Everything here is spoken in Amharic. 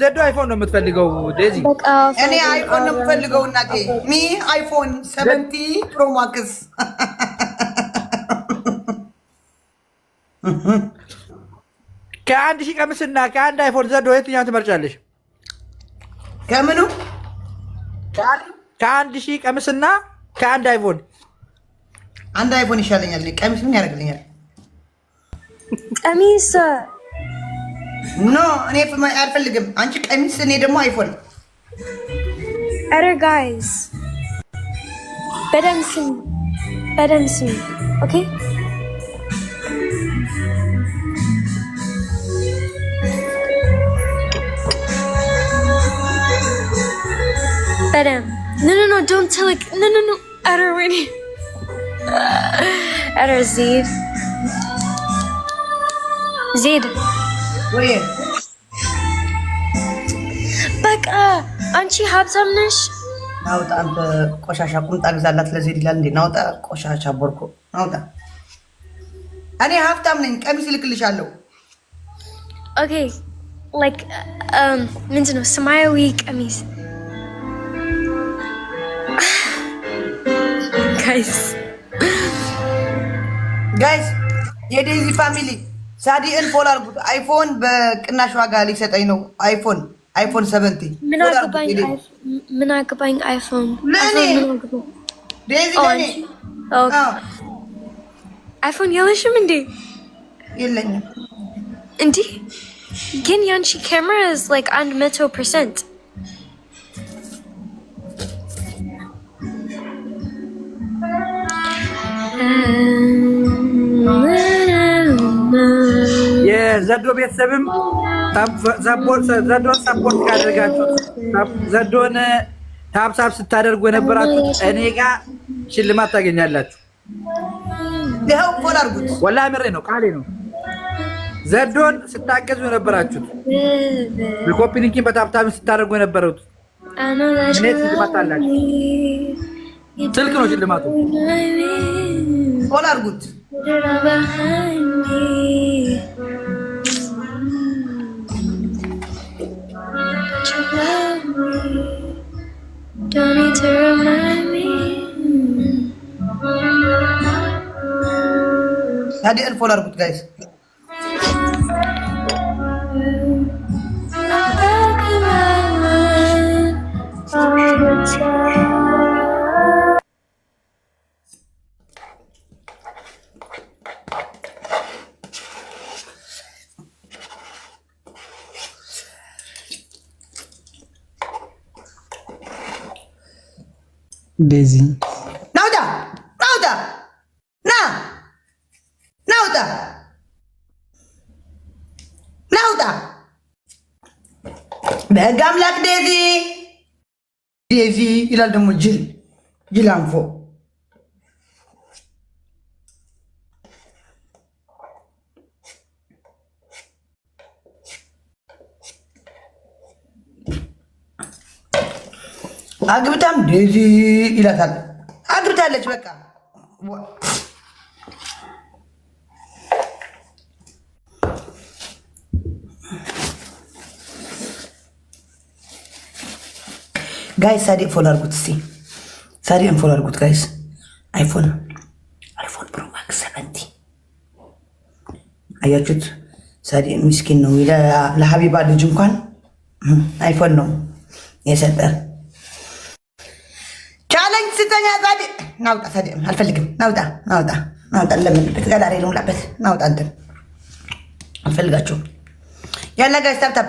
ዘዶ አይፎን ነው የምትፈልገው? ዴዚ እኔ አይፎን ነው የምፈልገው እናቴ። ሚ አይፎን ሰቨንቲ ፕሮማክስ ከአንድ ሺህ ቀምስና ከአንድ አይፎን ዘዶ የትኛውን ትመርጫለሽ? ከምኑ ከአንድ ሺህ ቀምስና ከአንድ አይፎን አንድ አይፎን ይሻለኛል። ቀሚስ ምን ያደርግልኛል? ቀሚስ ኖ እኔ አልፈልግም። አንቺ ቀሚስ፣ እኔ ደግሞ አይፎን። ኧረ ጋይዝ በደምብ ስም፣ በደምብ ስም። ኦኬ በደምብ ኖ ኖ ኖ ዶንት ቴል ኖ ኖ ኖ ኧረ ወይኔ ኧረ ዜድ ዜድ በቃ አንቺ ሀብታም ነሽ። ናውጣ ቆሻሻ ቁምጣ ግዛላት ለዚህ ይላል እንዴ? ናውጣ ቆሻሻ ቦርኮ ናውጣ። እኔ ሀብታም ነኝ፣ ቀሚስ እልክልሻለሁ። ኦኬ ላይክ ምንድን ነው ሰማያዊ ቀሚስ ጋይስ ጋይስ የዴዚ ፋሚሊ ሳዲን ፎል አድርጉት። አይፎን በቅናሽ ዋጋ ሊሰጠኝ ነው። አይፎን አይፎን ሰቨንቲ ምን አገባኝ? አይፎን ለእኔ ዴዚ ለእኔ አይፎን የለሽም እንዴ? የለኝም። እንዲህ ግን ያንቺ ካሜራ ኢዝ ላይክ አንድ መቶ ፐርሰንት Um... ዘዶ ቤተሰብም ዘዶ ሰፖርት ካደርጋችሁት ዘዶን ታብሳብ ስታደርጉ የነበራችሁት እኔ ጋ ሽልማት ታገኛላችሁ። ይኸው ፎል አድርጉት። ወላ ምሬ ነው ቃሌ ነው። ዘዶን ስታገዙ የነበራችሁት ኮፒኒኪን በታብታብ ስታደርጉ የነበረት እኔ ሽልማት አላችሁ። ስልክ ነው ሽልማቱ። ፎል አድርጉት። Don't need to remind me. guys. ቤዚ ናውጣ ናውጣ ና ናውጣ ናውጣ በህግ አምላክ ዴዚ ዴዚ ይላል ደግሞ ጅል ጅል አንፎ አግብታም ዴዚ ይላታል። አግብታለች በቃ ጋይስ ሳዲቅ ፎሎ አድርጉት። እስቲ ሳዲቅን ፎሎ አድርጉት ጋይስ። አይፎን አይፎን ፕሮ ማክስ ሰቨንቲ አያችሁት? ሳዲቅ ምስኪን ነው። ለሀቢባ ልጅ እንኳን አይፎን ነው የሰጠን። ስጠለኝ ስተኛ ጻድ ናውጣ ሳድ አልፈልግም። ናውጣ ናውጣ ናውጣ ለምንበት ጋዳሪ ልሙላበት ናውጣ እንትን አልፈልጋችሁም። ያለ ጋሽ ታፕ